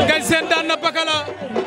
Ngagne Sène daan na Pakala